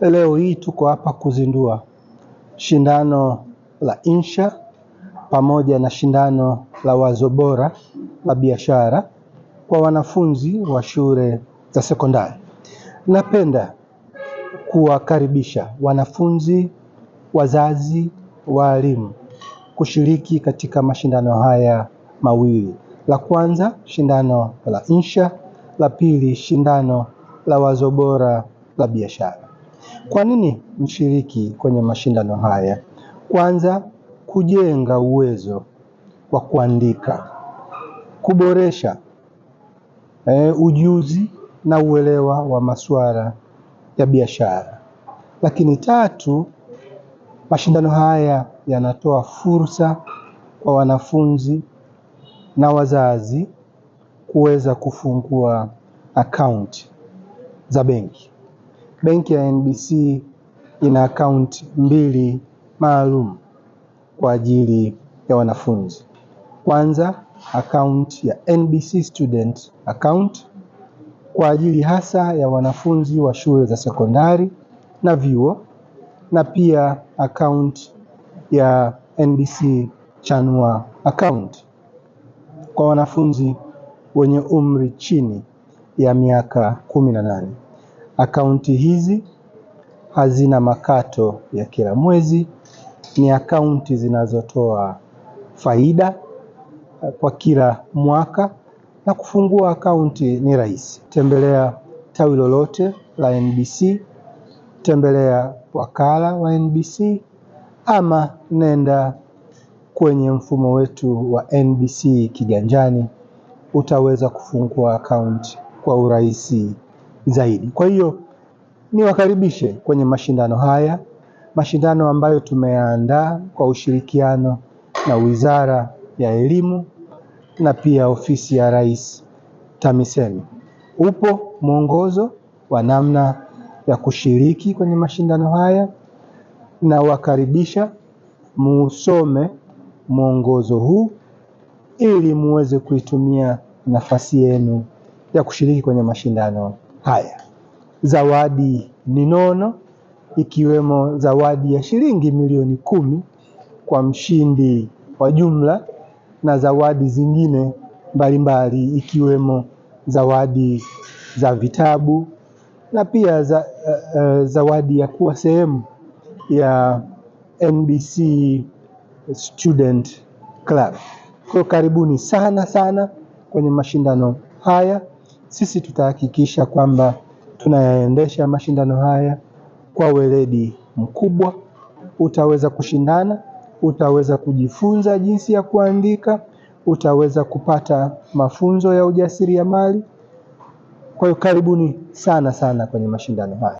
Leo hii tuko hapa kuzindua shindano la insha pamoja na shindano la wazo bora la biashara kwa wanafunzi wa shule za sekondari. Napenda kuwakaribisha wanafunzi, wazazi, walimu kushiriki katika mashindano haya mawili, la kwanza shindano la insha, la pili shindano la wazo bora la biashara. Kwa nini mshiriki kwenye mashindano haya? Kwanza, kujenga uwezo wa kuandika, kuboresha eh, ujuzi na uelewa wa masuala ya biashara. Lakini tatu, mashindano haya yanatoa fursa kwa wanafunzi na wazazi kuweza kufungua akaunti za benki. Benki ya NBC ina akaunti mbili maalum kwa ajili ya wanafunzi. Kwanza, akaunti ya NBC Student Account kwa ajili hasa ya wanafunzi wa shule za sekondari na vyuo, na pia akaunti ya NBC Chanua Account kwa wanafunzi wenye umri chini ya miaka 18. Akaunti hizi hazina makato ya kila mwezi, ni akaunti zinazotoa faida kwa kila mwaka, na kufungua akaunti ni rahisi. Tembelea tawi lolote la NBC, tembelea wakala wa NBC ama nenda kwenye mfumo wetu wa NBC Kiganjani, utaweza kufungua akaunti kwa urahisi zaidi. Kwa hiyo niwakaribishe kwenye mashindano haya, mashindano ambayo tumeandaa kwa ushirikiano na Wizara ya Elimu na pia Ofisi ya Rais TAMISEMI. Upo mwongozo wa namna ya kushiriki kwenye mashindano haya na wakaribisha muusome mwongozo huu ili muweze kuitumia nafasi yenu ya kushiriki kwenye mashindano. Haya, zawadi ni nono, ikiwemo zawadi ya shilingi milioni kumi kwa mshindi wa jumla na zawadi zingine mbalimbali ikiwemo zawadi za vitabu na pia za, uh, zawadi ya kuwa sehemu ya NBC Student Club. Kwa karibuni sana sana kwenye mashindano haya sisi tutahakikisha kwamba tunayaendesha mashindano haya kwa weledi mkubwa. Utaweza kushindana, utaweza kujifunza jinsi ya kuandika, utaweza kupata mafunzo ya ujasiriamali. Kwa hiyo karibuni sana sana kwenye mashindano haya.